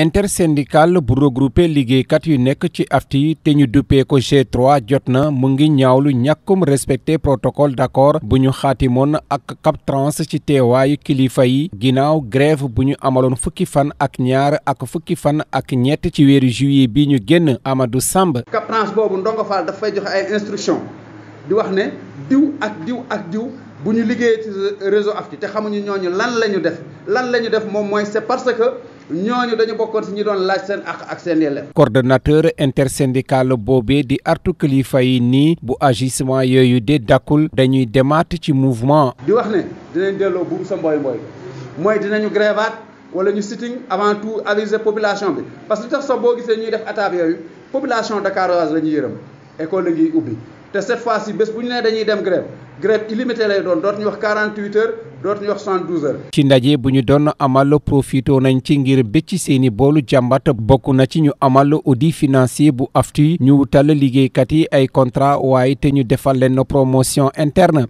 intersyndical bu regroupé liggéeykat yu nekk ci AFTU te ñu duppee ko G3 jot na mu ngi ñaaw ñaawlu ñàkkum respecté protocole d'accord bu ñu xaatimoon ak CAPTRANS ci teewaayu kilifa yi ginnaaw grève bu ñu amaloon fukki fan ak ñaar ak fukki fan ak ñett ci weeru juillet bi ñu génn Amadou Samb. CAPTRANS boobu Ndongo Fall daf joxe ay instruction di wax ne diw ak diw ak diw. bu ñu liggéeyee ci réseau AFTU te xamuñu ñooñu lan la def lan la def moom mooy c'est parce que ñooñu dañu bokkoon si ñu doon laaj seen àq ak seen yelleef coordonnateur intersyndical boobee di artu kilifa yi nii bu agissement yooyu de dakkul dañuy demaat ci mouvement di wax ne dinañ delloo buum sa mbooy mbooy mooy dinañu grévaat wala ñu sitting avant tout aviser population bi parce que li tax sax boo gisee ñuy def attaque yooyu population dakaroise la ñu yërëm école yi ngiy ubbi te cette fois ci bés bu ñu nee dañuy dem grève grève illimitée lay doon dootuñu wax 48 heures ci ndaje bu ñu doon amal profito nañ ci ngir bëcc seeni boolu jàmbat bokk na ci ñu amal audit financier bu aftu ñu wutal liggéeykat yi ay contrat waaye te ñu defal leen promotion interne.